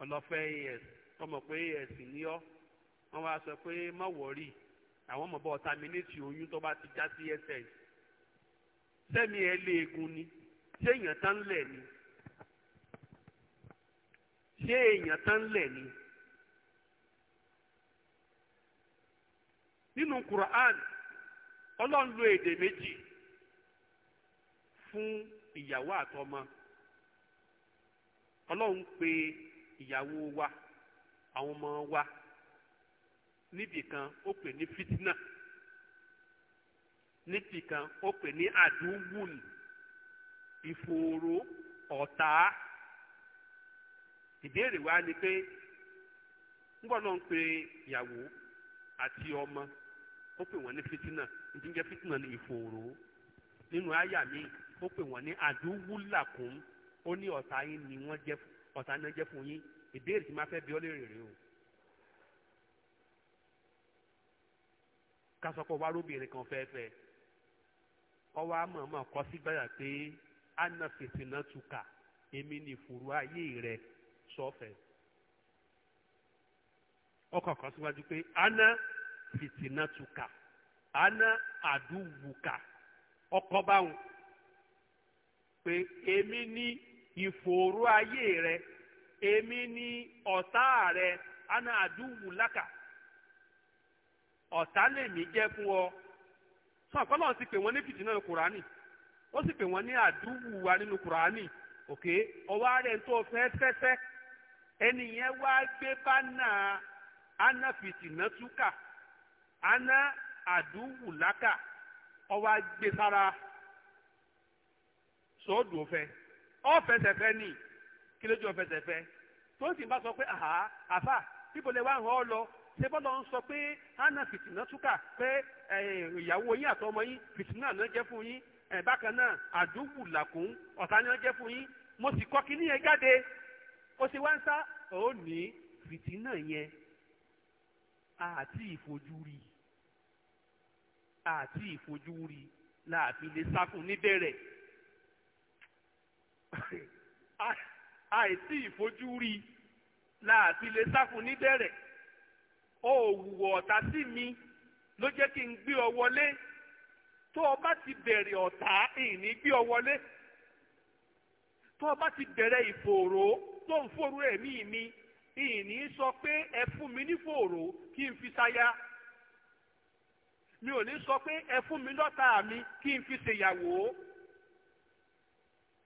ọlọ́fẹ́ as ọmọ pé as ní ọ́ wọ́n wá sọ pé má wọ̀rí àwọn ọmọ bọ́ terminate oyún tó bá ti já sí ss sẹ́mi ẹ léegun ni ṣé èèyàn tán lẹ̀ ni ṣé èèyàn tán lẹ̀ ni nínú Quran ọlọ́run lo èdè méjì fún ìyàwó àtọmọ ọlọ́run pé. ìyàwó wa àwọn ọmọ wa níbì kan ó pè ní fitna níbì kan ó pè ní àdúwùn ìfòòró ọ̀tá ìbéèrè wa ni pé ń ìyàwó àti ọmọ ó pè wọ́n ní fitina ìdíjẹ́ fitina ní ìfòòró nínú àyà mi ó pè wọ́n ní ni wọ́n jẹ́ fún ọ̀tá náà jẹ́ fún yín ìbéèrè tí máa fẹ́ bí ọ́ léèrè rèé o. kásọpọ̀ wá róbìnrin kan fẹ́ẹ́fẹ́ ọwọ́ àmọ̀ọ́mọ̀ kọ́ sí gbàyà pé anna fìtìnà túkà èmi ní ìfòrò ayé rẹ̀ sọ́fẹ̀. ọkọ̀ kan síwájú pé anna fìtìnà túkà anna àdúwùkà ọkọ̀ báwọn pé èmi ní. ìfòòró ayé rẹ èmi ni ọ̀tá rẹ ana àdúgbò lákà ọ̀tá jẹ́ fún ọ fún pè wọ́n ní fìtínà kùránì ó sì pè wọ́n ní àdúgbò wa nínú kùránì òkè ọwọ́ rẹ̀ tó gbé bánà ana túkà ana àdúgbò lákà ọwọ́ ọ̀fẹsẹ̀fẹ́ ni kí lójú ọ̀fẹsẹ̀fẹ́ tó sì bá sọ pé àhá àfà bíbo lè wá hàn ọ́ lọ ṣé bọ́lá ń sọ pé hánà fìtìnà túkà pé ìyàwó yín àtọmọ yín fìtìnà náà jẹ́ fún yín bákan náà àdúgbò làkún ọ̀tá náà jẹ́ fún yín mo sì kọ́ kí níyẹn jáde ó sì wá ń sá ó ní fìtìnà yẹn àti ìfojúrí àti ìfojúrí láàfin lè sá fún níbẹ̀rẹ̀ àìsí ìfojú rí i láàfin lè sáfún ní bẹ̀rẹ̀ ó wùwọ̀ ọ̀tá sí mi ló jẹ́ kí n gbé ọ wọlé tó o bá ti bẹ̀rẹ̀ ọ̀tá ìní gbé ọ wọlé tó o bá ti bẹ̀rẹ̀ ìfòòró tó ń fòòró ẹ̀mí mi ìní sọ pé ẹ fún mi ní fòòró kí n fi ṣaya mi ò ní sọ pé ẹ fún mi lọ́tà mi kí n fi ṣèyàwó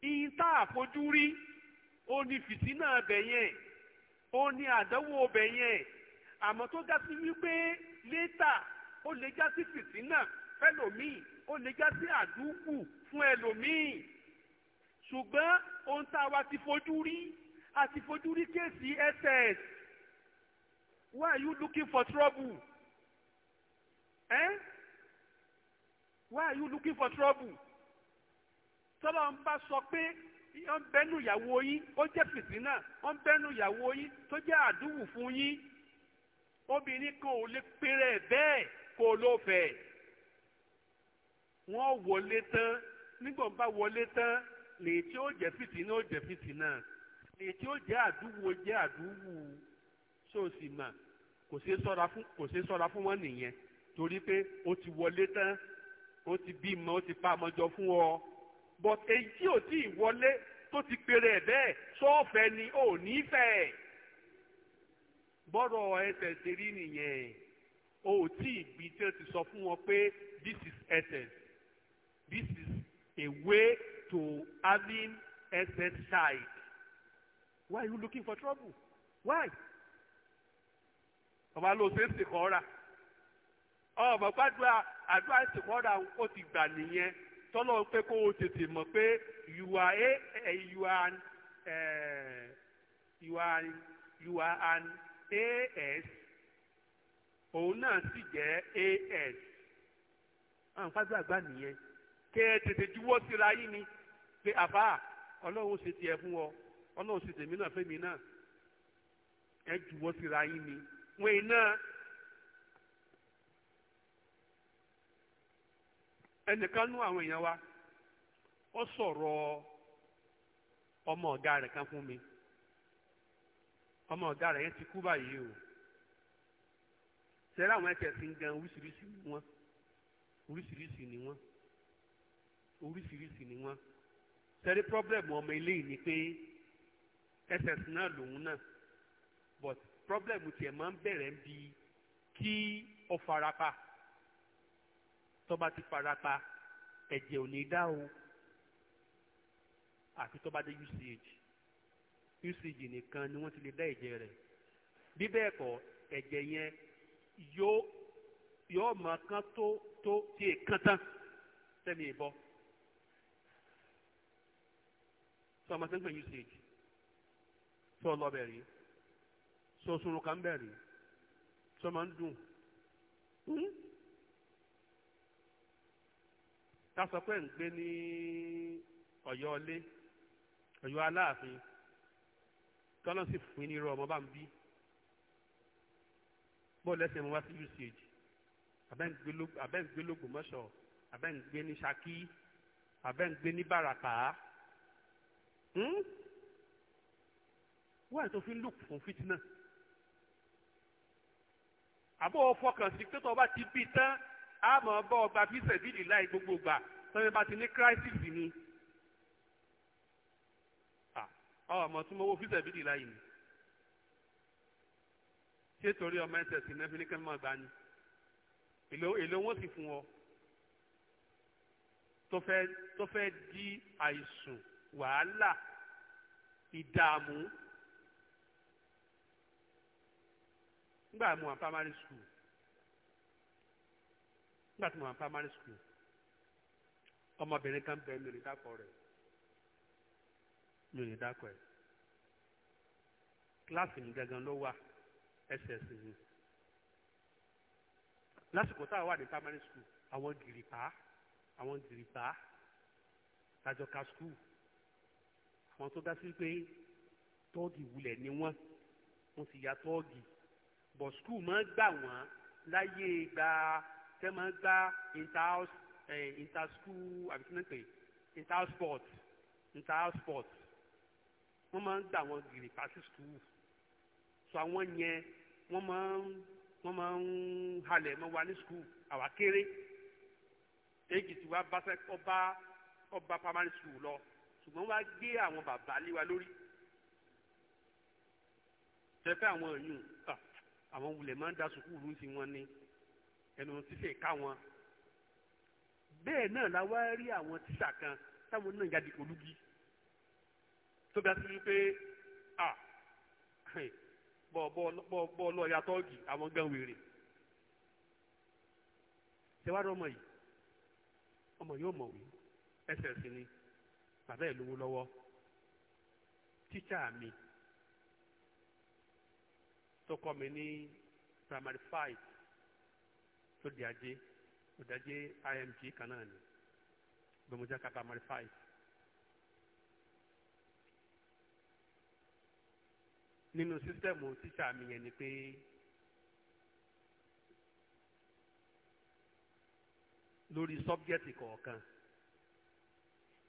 ìyìn tá a fojú rí ó ní fìtínà ọbẹ̀ yẹn ó ní àdánwò ọbẹ̀ yẹn àmọ́ tó já sí wípé létà ó lè já sí fìtínà fẹ́lòmíì ó lè já sí àdúgbù fún ẹlòmíì ṣùgbọ́n ohun tá a wá ti fojú rí a ti fojú rí kéèsì ss why are you looking for trouble? Eh? why are you looking for trouble? tọ́lọ́ ń bá sọ pé wọ́n bẹ́nu ìyàwó yín ó jẹ́ fìtínà wọ́n bẹ́nu ìyàwó yín tó jẹ́ àdúwù fún yín obìnrin kan ò lè péré bẹ́ẹ̀ kó o ló fẹ́ wọ́n wọlé tán nígbà wọ́n bá wọlé tán lèyí tí ó jẹ́ fìtínà ó jẹ́ fìtínà lèyí tí ó jẹ́ àdúwù ó jẹ́ àdúwù sóòsì mà kò ṣeé sọ́ra fún kò ṣeé sọ́ra fún wọn nìyẹn torí pé ó ti wọlé tán ó ti bímọ ó ti pa ọmọ fún ọ but èyí tí ò tí ì wọlé tó ti pèrè ẹ̀ bẹ́ẹ̀ sọ́ọ̀fẹ́ ni ò ní fẹ́ ẹ̀ bọ́rọ̀ ẹsẹ̀ ṣe rí nìyẹn o ò tí ì gbin tí o ti sọ fún wọn pé this is essence this is a way to having essence side why are you looking for trouble why ọba ló ṣe ń sèkọ́ ra ọmọ gbàdúrà àdúrà ń sèkọ́ ra ó ti gbà nìyẹn tọ́lọ̀ pé kó o tètè mọ̀ pé you are a eh, eh, you are an you are you are an as òun náà sì jẹ́ as àwọn fásitì àgbà nìyẹn kẹ́ ẹ tètè juwọ́ síra yín ni pé àbá ọlọ́run ṣe tiẹ̀ fún ọ ọlọ́run ṣe tèmi náà fẹ́mi náà ẹ juwọ́ síra yín ni wọ́n iná ẹnìkan nú àwọn èèyàn wa ó sọ̀rọ̀ ọmọ ọ̀gá rẹ̀ kan fún mi ọmọ ọ̀gá rẹ̀ yẹn ti kú báyìí o sẹ́rẹ́ àwọn ẹ̀kẹ́ sí gan oríṣiríṣi ni wọ́n oríṣiríṣi ni wọ́n oríṣiríṣi ni wọ́n sẹ́rẹ́ pọ́blẹ́mù ọmọ eléyìí ni pé ss náà lòun náà but pọ́blẹ́mù tiẹ̀ máa ń bẹ̀rẹ̀ bí kí ó farapa tó bá ti farapa ẹ̀jẹ̀ ò ní dá o àfi tó bá dé usage usage nìkan ni wọ́n ti lè dá ẹ̀jẹ̀ rẹ̀ bí bẹ́ẹ̀ kọ́ ẹ̀jẹ̀ yẹn yóò yóò mọ kán tó tó tí è kán tán sẹ́ni ìbọ sọ ma ṣe ń pè usage sọ lọ bẹ̀rẹ̀ sọ sunrun sọ ma ń dùn. Hmm? ká sọ pé ń gbé ní Ọ̀yọ́ ilé Ọ̀yọ́ Aláàfin tọ́lọ́ sì fún ní irú ọmọ bá ń bí bọ́ọ̀lù ẹsẹ̀ mo wá sí usage abẹ́ ń gbé lógbòmọ́ṣọ́ abẹ́ ń gbé ní Ṣakí abẹ́ ń gbé ní Bàràpá hmm? wọ́n àìsàn fi ń lù fún fìtínà àbọ̀ fọkàn sí pé tó o bá ti bí tán a mọ̀ bọ́ ọba fi sẹ̀bìlì láì gbogbo gbà tọ́jú bá ti ní crisis ni ọmọ tí mo wo fi sẹ̀bìlì láì ni ṣé torí ọmọ ẹsẹ̀ sí nẹ́bí ní kẹ́mi máa gbà ni èlò èlò wọn sì fún ọ tó fẹ́ tó fẹ́ di àìsùn wàhálà ìdààmú nígbà mu à primary school nígbà tí mo wà ní primary school ọmọbìnrin kan bẹ mi ò ní dákọ rẹ̀ mi ò ní dákọ ẹ̀ kíláàsì mi gangan ló wà ẹsẹ̀ mi lásìkò tá a wà ní primary school àwọn gìrìpá àwọn gìrìpá tàjọka school àwọn tó dá sí pé tọ́ọ̀gì wulẹ̀ ni wọ́n wọ́n sì ya tọ́ọ̀gì bọ̀ school máa gbà wọ́n láyé gba tẹ́ máa ń gbá inter-house eh, inter-school àbí kí ni pé inter-house sport inter-house sport wọ́n máa ń gbà wọn gìrì pàṣẹ school so àwọn yẹn wọ́n máa ń wọ́n máa ń halẹ̀ mọ́ wa ní school àwa kéré èyí tí wàá bá ọba ọba primary school lọ ṣùgbọ́n wàá gbé àwọn bàbá lé wa lórí tẹ́fẹ́ àwọn èèyàn àwọn wulẹ̀ máa ń da sùkúrù sí wọn ni ẹnu ṣíṣe ìka wọn bẹ́ẹ̀ náà la wá rí àwọn tíṣà kan táwọn náà jáde olúgi tó bá sí pé à bọ́ bọ́ lọ ya tọ́ọ̀gì àwọn gan wèrè tẹwádọ́ ọmọ yìí ọmọ yóò mọ̀wé ẹsẹ̀ sí ni bàbá ẹ̀ lówó lọ́wọ́ tíṣà mi tó kọ́ mi ní primary five tó di ajé ó di ajé img kan náà ni gbẹmọjá kabamari five. nínú sísítẹ́ẹ̀mù tíṣà mi yẹn ni pé lórí sọ́bjẹ́tì kọ̀ọ̀kan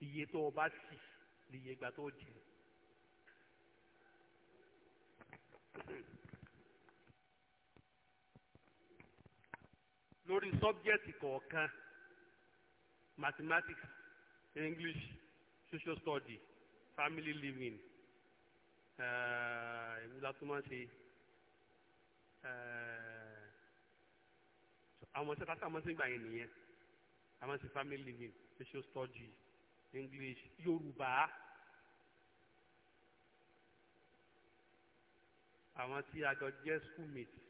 iye tó o bá sì lè yẹ tó o jẹ. lórí sọ́bjẹ́tì kọ̀ọ̀kan mathematics english social study family living ìwúlá eh, tó máa ń ṣe eh, àwọn ṣẹ́ta tá a máa ń gbà yẹn nìyẹn a ṣe family living social study english yorùbá àwọn tí a schoolmates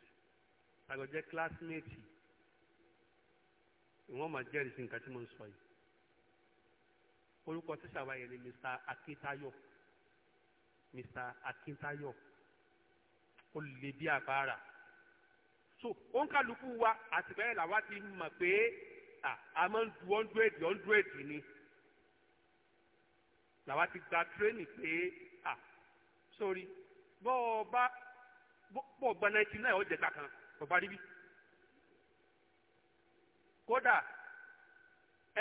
a jọ jẹ́ classmates wọ́n máa jẹ́rìí sí nǹkan tí mo ń sọ yìí orúkọ tíṣà wa yẹn ni Mr. Akintayo Mr. Akintayo ó lè bí àbára so ó ń kálukú wa àtìgbẹ́yẹ̀ làwa ti mọ̀ pé a máa ń du hundred hundred ni làwa ti gba tírénì pé a sórí bọ́ bá bọ́ gba ninety nine ọ̀jẹ̀gbà kan ọ̀bá ríbi kódà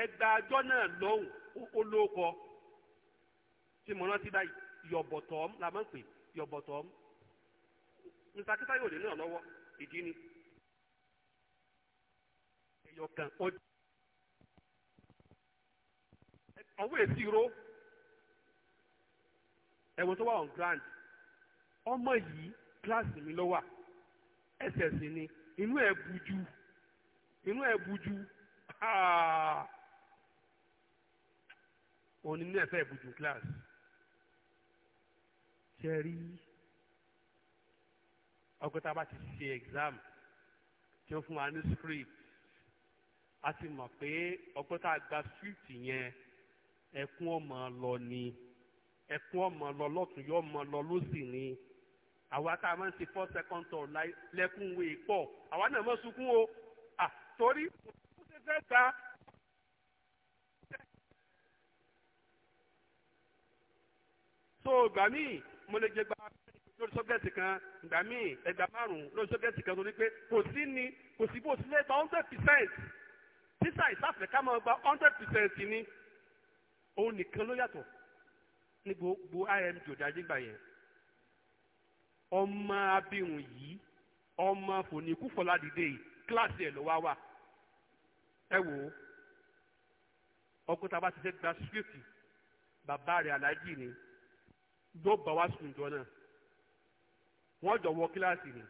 ẹgbàá ọjọ́ náà lọ́hùn ó lóko tí mo rántí báyìí yọ̀bọ̀tọ̀ la máa ń pè yọ̀bọ̀tọ̀ mr akíntayọ̀ lè náà lọ́wọ́ ìdí ni èèyàn kan ó di ọwọ́ èsì ro ẹ̀wọ̀n tó wà on ground ọmọ yìí kíláàsì mi ló ẹsẹ̀ sì ni inú ẹ̀ bujú inú ẹ̀ bujú òní ah. ní ẹ̀fẹ́ ìbùjú kíláàsì ṣe rí ọgọ́ta bá ti ṣe exam tí wọ́n fún wa ní script a ti mọ̀ pé ọgọ́ta gba script yẹn ẹkún ọmọ lọ ni ẹkún ọmọ lọ lọ́tún yọ ọmọ lọ lọ́sì ni àwa tá a máa ń ṣe four second tour lẹ́kùn wé pọ̀ àwa náà mọ̀ sunkún o torí kò ṣe fẹ́ ta so ìgbà míì mo lè jẹ gba lórí sọ́gẹ́tì kan ìgbà míì ẹgbà márùn-ún lórí sọ́gẹ́tì kan torí pé kò sí ni kò sí bó sílẹ̀ gba hundred percent títà ìsáfẹ́ ká máa gba hundred percent ni òun nìkan ló yàtọ̀ ní gbogbo imd òdájú gbà yẹn ọmọ abirùn yìí ọmọ fòníkú fọládìde yìí kíláàsì ẹ̀ ló wá ẹ wò ó ọkùnrin tá a bá ti ṣe gba script bàbá rẹ̀ aláàjì ni ló bá wá sùn jọ náà wọ́n jọ wọ kíláàsì ni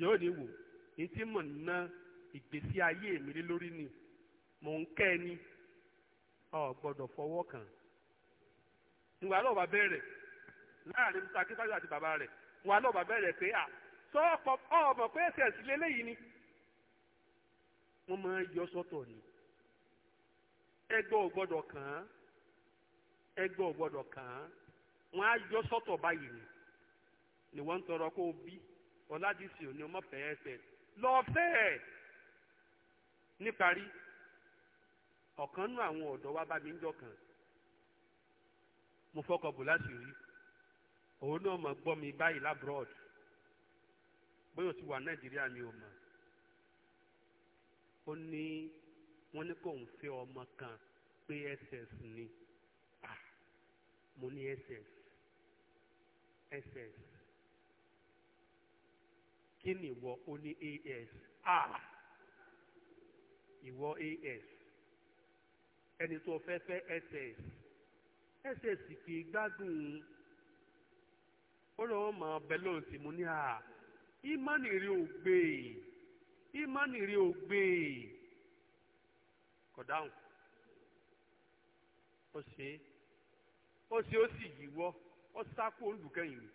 yóò ní wò ní tí mò ń ná ìgbésí ayé mi lé lórí ni mò ń kẹ́ ẹ ní ọ gbọ́dọ̀ fọwọ́ kàn ìwà náà bá bẹ̀rẹ̀ láàrin mr akíntájú àti bàbá rẹ̀ ìwà náà bá bẹ̀rẹ̀ pé à sọ ọmọ pé ẹsẹ̀ sílé léyìí ni wọ́n máa ń yọ sọ́tọ̀ ni ẹgbẹ́ ò gbọ́dọ̀ kàn án ẹgbẹ́ ò gbọ́dọ̀ kàn án wọ́n á yọ sọ́tọ̀ báyìí ni ni wọ́n ń tọrọ kó bí ọ̀làdìsí òní ọmọ fẹ́ẹ́ fẹ́ lọ́fẹ̀ẹ́ níparí ọ̀kan nú àwọn ọ̀dọ́ wa bá mi ń jọ kàn mo fọkọ bò láti rí òun náà mọ̀ gbọ́ mi báyìí lábúrọ̀d bóyá o ti wà nàìjíríà mi ò mọ̀ ó ní wọ́n ní kò ń fẹ́ ọmọ kan pé ss ni ah mo ní ss ss kí ni ìwọ ó ní as ah ìwọ as ẹni tó fẹ́ fẹ́ ss ss kì í gbádùn ó lọ́wọ́ máa bẹ lóun sí mo ní à ah, ìmánì ò gbé e. ìmánì rí ò gbé e kò dáhùn ó ṣe é ó ṣe ó sì yíwọ́ ó sáko olùkẹ́yìn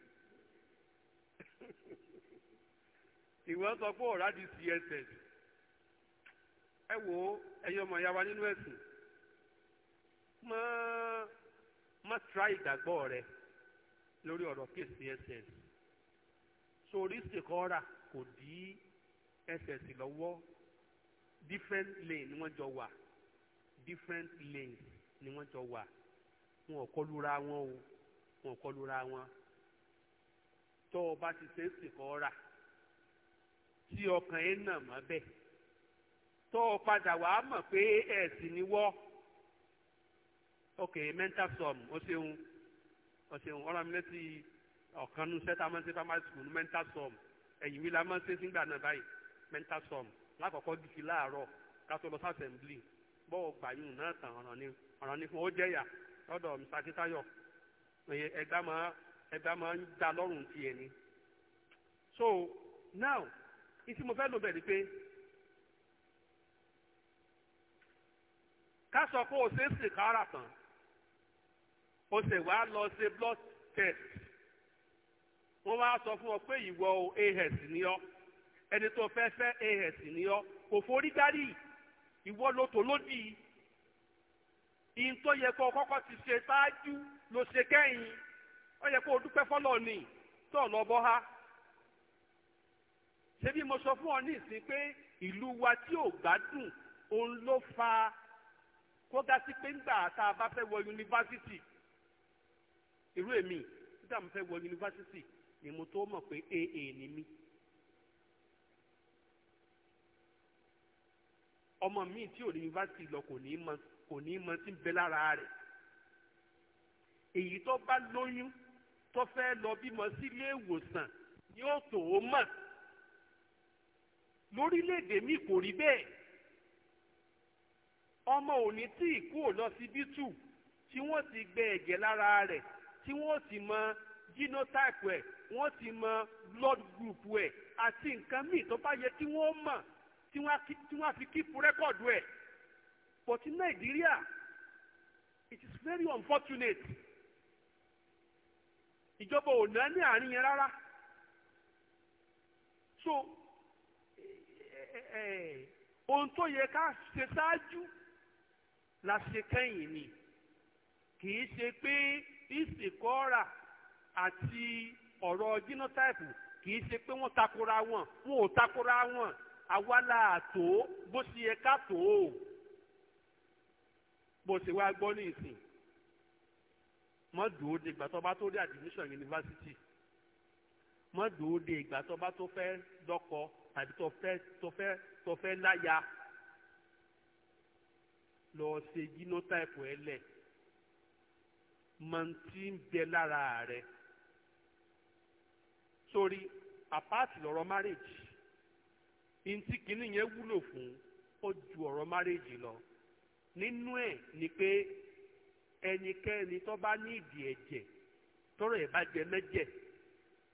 ìwọ sọ pé ọ̀rá di css ẹ wo ẹyọ ọmọ ìyá wa nínú ẹ̀sìn má má tra ìgbàgbọ́ rẹ lórí ọ̀rọ̀ css sórí ṣèkọ́ra kò dí ẹsẹ̀ sì lọ́wọ́ different lane ni wọ́n jọ wà different lanes ni wọ́n jọ wà wọn ò kọlura wọn o wọn ò kọlura wọn tó o bá ti ṣe ń sìnkọ rà tí ọkàn yẹn nà mọ́ bẹ́ẹ̀ tó padà wà á mọ̀ pé ẹ̀sìn ni wọ́ ok mental sum o ṣeun o ṣeun ọ̀rọ̀ mi létí ọ̀kan nu sẹ́tà máa ń mental sum ẹ̀yìn wí la máa ń ṣe sígbà náà báyìí mental storm lákọ̀ọ́kọ́ dìkì láàárọ̀ kátó lọ sàtẹ̀m̀blì bọ́ọ̀ gbàyùn náà tàn ọ̀ràn ni ọ̀ràn ni fún ó jẹ́yà lọ́dọ̀ mr akitayo ẹgbà máa ẹgbà máa ń da lọ́rùn tiẹ̀ ni. so now ìsì mo fẹ́ lò bẹ̀ ni pé ká sọ pé o ṣe é sì kára tán o sì wá lọ ṣe blood test wọ́n wá sọ fún ọ pé ìwọ o AS ni ọ́ ẹni tó fẹ́ fẹ́ as ni ọ kò forí dárí ìwọ ló tò lódì ìyìn tó yẹ kó kọ́kọ́ ti ṣe ṣáájú ló ṣe kẹ́yìn ó yẹ kó o dúpẹ́ fọ́lọ́ ni tó lọ bọ́ ha ṣebí mo sọ fún ọ ní ìsìn pé ìlú wa tí ò gbádùn òun ló fa kó ga sí pé ńgbà tá a bá fẹ́ wọ yunifásitì irú èmi nígbà mo fẹ́ wọ yunifásitì ni mo tó mọ̀ pé aa ni mí. ọmọ míì tí ò ní yunifásitì lọ kò ní mọ kò ní mọ tí ń bẹ lára rẹ̀ èyí tó bá lóyún tó fẹ́ lọ bímọ sílé ìwòsàn ni ó tó o mọ̀ lórílẹ̀‐èdè mi kò rí bẹ́ẹ̀ ọmọ òní tí ìkú ò lọ síbítù tí wọ́n ti gbẹ ẹ̀jẹ̀ lára rẹ̀ tí wọ́n ti mọ genotype ẹ̀ wọ́n ti mọ blood group ẹ̀ àti nǹkan míì tó bá yẹ kí wọ́n mọ̀ tí wọ́n á fi kíìpù rẹ́kọ̀dù ẹ̀ but in Nigeria, it is very unfortunate ìjọba ò náà ní àárín yẹn rárá so eh, eh, eh, ohun tó yẹ ká ṣe ṣáájú la ṣe kẹ́yìn ni kì í ṣe pé ìsìnkọ́ra àti ọ̀rọ̀ genotype kì í ṣe pé wọ́n takora wọn wọn ò takora wọn àwa la àtò bó ṣe yẹ ká tò ó bó ṣe wá gbọ́ ní ìsìn mọ́ dùn ó de ìgbà tó bá tó dé admission yunifásitì mọ́ dùn ó de ìgbà tó bá tó fẹ́ dọ́kọ tàbí tó fẹ́ tó fẹ́ tó fẹ́ láya lọ ṣe genotype ẹ lẹ̀ mọ ti ń bẹ lára rẹ̀ sórí apart lọ́rọ̀ marriage ntí kínní yẹn wúlò fún ó ju ọ̀rọ̀ márèjì lọ nínú ẹ̀ ni pé ẹnikẹ́ni tó bá ní ìdí ẹ̀jẹ̀ tọrọ ẹ̀ bá jẹ mẹ́jẹ̀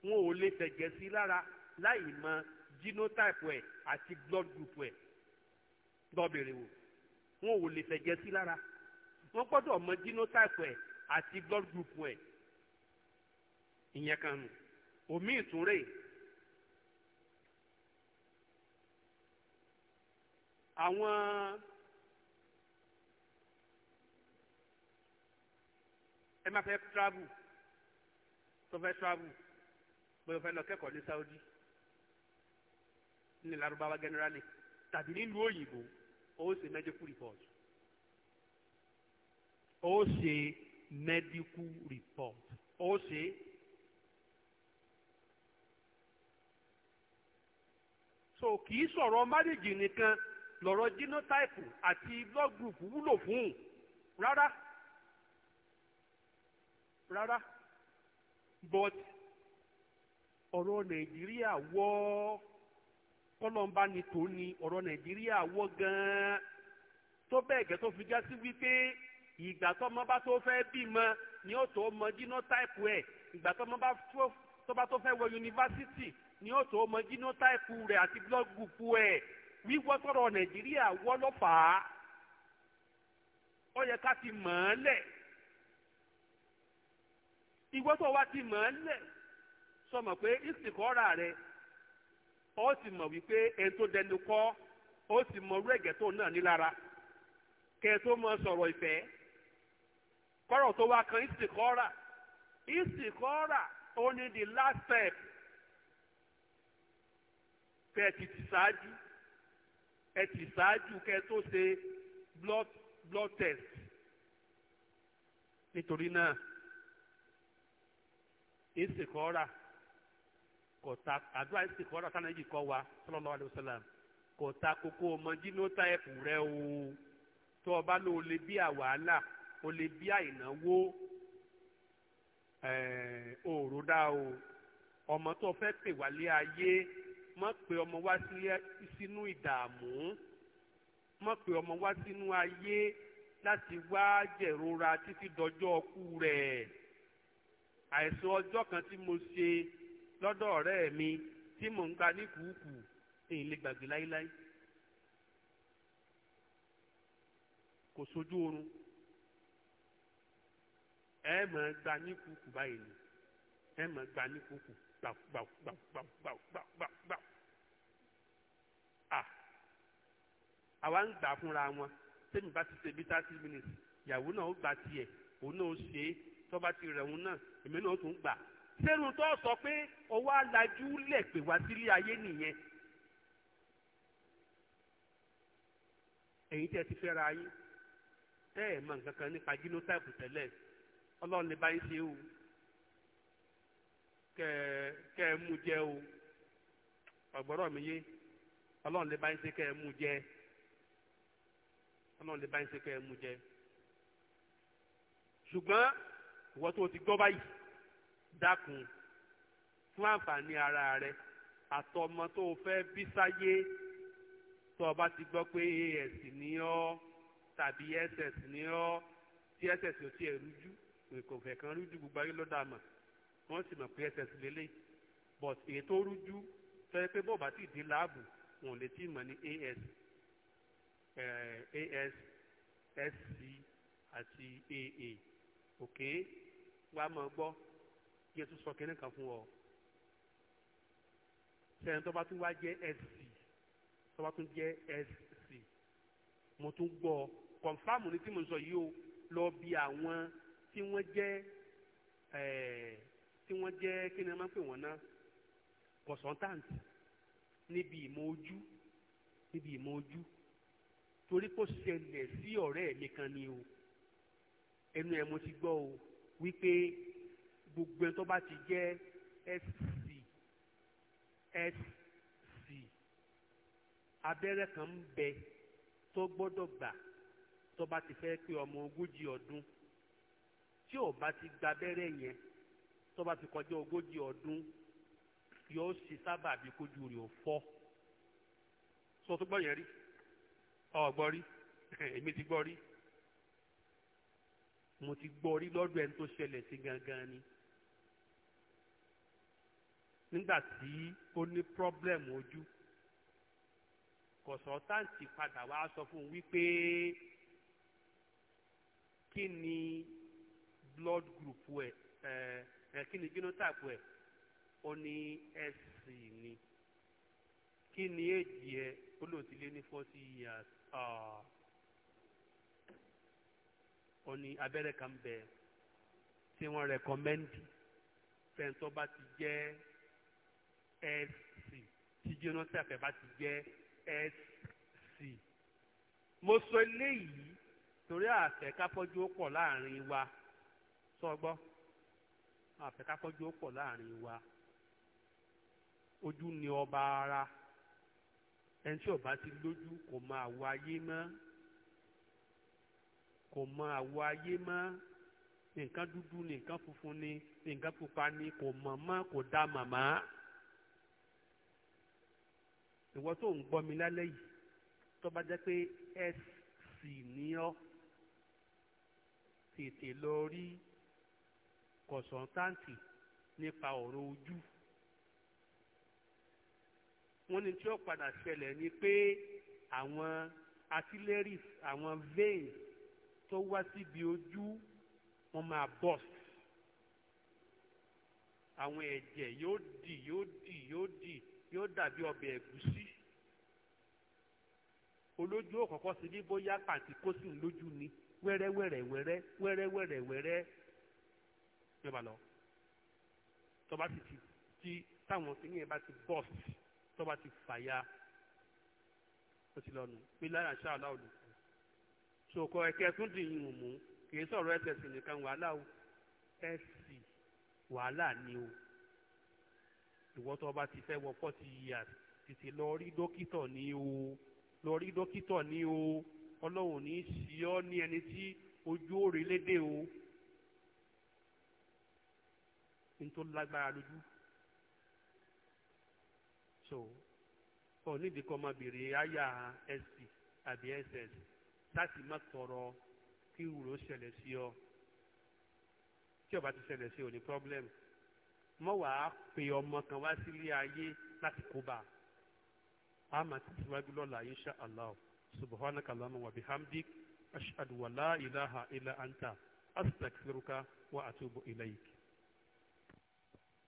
wọn ò lè fẹ̀jẹ̀ sí lára láì mọ genotype ẹ̀ àti blood group ẹ̀ lọ́bìnrin wò wọn ò lè fẹ̀jẹ̀ sí lára wọ́n gbọ́dọ̀ mọ genotype ẹ̀ àti blood group ẹ̀ ìyẹn kan nù omi ìtúnrẹ́ yìí. àwọn ẹ máa fẹ́ travel tó fẹ́ travel bóyá fẹ́ lọ kẹ́kọ̀ọ́ ní Saudi ní Lárúbáwá generally tàbí nílùú òyìnbó ó ṣe medical report ó ṣe medical report ó ṣe. so kì í sọ̀rọ̀ marriage nìkan lọ̀rọ̀ genotype àti blood group wúlò fún un rárá rárá but ọ̀rọ̀ nàìjíríà wọ́ kọ́lọ́mbà ni tòní ọ̀rọ̀ nàìjíríà wọ́ gan-an tó bẹ́ẹ̀ gẹ́ tó fi já sí wípé ìgbà tọ́mọ bá tó fẹ́ bímọ ni ó tó mọ genotype ẹ̀ ìgbà tọ́mọ bá tó bá tó fẹ́ wọ yunifásitì ni ó tó mọ genotype rẹ̀ àti blood group ẹ̀. wíwọ́ tọrọ nàìjíríà wọ́ lọ́fàá ó yẹ ká ti mọ̀ ọ́n lẹ̀ ìwọ́tọ̀ wa ti mọ̀ ọ́n lẹ̀ sọmọ pé ìsìnkọ́ra rẹ ó sì mọ̀ wípé ẹni tó dẹnu kọ́ ó sì mọ orú ẹ̀gẹ́ tó náà ní lára kẹ́ ẹ tó mọ sọ̀rọ̀ ìfẹ́ kọ́rọ̀ tó wá kan ìsìnkọ́ra ìsìnkọ́ra ó ní the last step kẹ́ ẹ ti tì ẹ ti ṣáájú kẹ tó ṣe blood blood test nítorí náà ìsìkọ́ra kò ta àdúrà ìsìkọ́ra sanayi kọ́ wa sallallahu alaihi wasallam kò ta kókó ọmọ genotype rẹ o tó o bá lò ó lè bí àwàhálà ó lè bí àìnáwó òòró dá o ọmọ tó fẹ́ pè wálé ayé. má pè ọmọ wá sínú ìdààmú má ọmọ wá sínú ayé láti wá jẹ̀rora títí dọjọ́ ọkú rẹ̀ àìsàn ọjọ́ kan tí mo ṣe lọ́dọ̀ ọ̀rẹ́ mi tí mò ń ga ní kùkù ní ilé gbàù gbàù gbàù gbàù gbàù gbàù gbàù gbàù à àwa ń gbà fúnra wọn sẹ́mi bá ti ṣe bí thirty minutes ìyàwó náà ó gbà tiẹ̀ òun náà ó ṣe é tó bá ti rẹ̀ òun náà èmi náà ó tún gbà sẹ́nu tó sọ pé ọwọ́ alájú lẹ̀ pè wá sílé ayé nìyẹn ẹ̀yin tí ẹ ti fẹ́ yín tẹ́ ẹ̀ mọ̀ nǹkan kan nípa genotype tẹ́lẹ̀ ọlọ́run lè bá yín ṣe é o kẹ kẹ ẹ mú jẹ o ọgbọrọ mi yé Ọlọ́run lè bá yín ṣe kẹ ẹ mú jẹ Ọlọ́run lè bá yín ṣe kẹ ẹ mú jẹ ṣùgbọ́n ìwọ tó o ti gbọ́ báyìí dákun fún àǹfààní ara rẹ àtọmọ tó o fẹ́ bí sáyé tó o bá ti gbọ́ pé as ni ọ́ tàbí ss ni ọ́ tí ss ò tiẹ̀ rújú kò fẹ́ kan rújú gbogbo ayé ló dà wọ́n sì mọ̀ pé ẹsẹ̀ sí lélẹ̀ but èyí tó rújú tó yẹ pé bó bá ti di láàbù wọn ò lè tí mọ̀ ní as eh, as sc àti aa òkè wàá mọ̀ gbọ́ jésù sọ kínní kan fún ọ sẹ́yìn tó bá tún wá jẹ́ sc tó bá tún jẹ́ sc mo tún gbọ́ kọ̀ǹfàmù ní tí mo sọ yìí o lọ bí àwọn tí wọ́n jẹ́ ẹ̀ẹ́. Eh, tí wọ́n jẹ́ kí ni wọ́n máa ń pè wọ́n náà consultant níbi ìmọ̀ ojú níbi ìmọ̀ ojú torí kò ṣẹlẹ̀ sí ọ̀rẹ́ mi kan ni o ẹnu ẹ̀ mo ti gbọ́ o wípé gbogbo ẹni tó bá ti jẹ́ sc sc abẹ́rẹ́ kan ń bẹ tó gbọ́dọ̀ gbà tó bá ti fẹ́ pé ọmọ ogójì ọdún tí ò bá ti gba abẹ́rẹ́ yẹn tó bá ti kọjá ogójì ọdún yóò ṣe sábàbí kójú rẹ̀ ò fọ́ sọ tó gbọ́ yẹn rí ọ gbọ́ rí èmi ti gbọ́ rí mo ti gbọ́ rí lọ́dọ̀ ẹni tó ṣẹlẹ̀ sí gangan ni nígbà tí ó ní pírọ́blẹ̀mù ojú kọ̀sọ̀táǹtì padà wá sọ fún un wípé kí ni blood group ẹ̀ kí ni genotype ẹ̀ ó ní sc ni kí ni èjì ẹ̀ ó lò ti lé ní forty years ah. ó ní abẹ́rẹ́ kan bẹ̀ tí wọ́n rẹ̀kọ́mẹ́ndì fẹ́ntọ́ bá ti jẹ́ sc tí genotype ẹ̀ bá ti jẹ́ sc mo sọ eléyìí torí àfẹ́ kápọ́jú ó pọ̀ láàrin wa sọ gbọ́. So, àfẹ́ kápọ́jú ó pọ̀ láàrin wa ojú ni ọba ara ẹni tí ọba ti lójú kò mọ àwọ ayé mọ́ kò mọ àwọ ayé mọ́ nǹkan dúdú ni nǹkan funfun ni nǹkan pupa ni kò mọ̀ mọ́ kò dá màmá ìwọ tó ń gbọ́ mi lálẹ́ yìí tó bá jẹ́ pé s sì ní ọ́ tètè lọ rí kọ̀sọ̀ntáǹtì nípa ọ̀rọ̀ ojú wọ́n ní tí ó padà ṣẹlẹ̀ ni pé àwọn arteries àwọn veins tó wá síbi ojú wọ́n máa burst àwọn ẹ̀jẹ̀ yóò dì yóò dì yóò dì yóò dàbí ọbẹ̀ ẹ̀gúsí olójú ò kọ́kọ́ sí ní bóyá pàǹtíkósìn lójú ni wẹ́rẹ́wẹ́rẹ́ wẹ́rẹ́ wẹ́rẹ́wẹ́rẹ́ wẹ́rẹ́ yóò bá lọ tọba ti ti tí táwọn kìnìún yẹn bá ti bọ́ọ̀sì tọba ti fàya ó ti lọ nù pé lára ṣá aláwọ̀ lò kù ṣòkò ẹ̀kẹ́ tún dì í hùn mú kì í sọ̀rọ̀ ẹ̀sẹ̀ sì nìkan wàhálà o ẹ̀sì wàhálà ni o ìwọ tó bá ti fẹ́ wọ forty years tètè lọ rí dókítà ni o lọ rí dókítà ni o ọlọ́run ní í ṣí ọ ní ẹni tí ojú òrèlédè o ní tó lágbára lójú so ọ nídìí kọ́ máa bèrè àyà sp àbí ss láti má tọrọ kí ìwúrò ṣẹlẹ̀ sí ọ tí ó bá ti ṣẹlẹ̀ sí ọ ní problem mọ wàá pe ọmọ kan wá sílé ayé láti kó bá a máa ti síwájú lọ́la insha allah subhanaka allahumma wa bihamdik ashhadu wa la ilaha illa anta astaghfiruka wa atubu ilayk.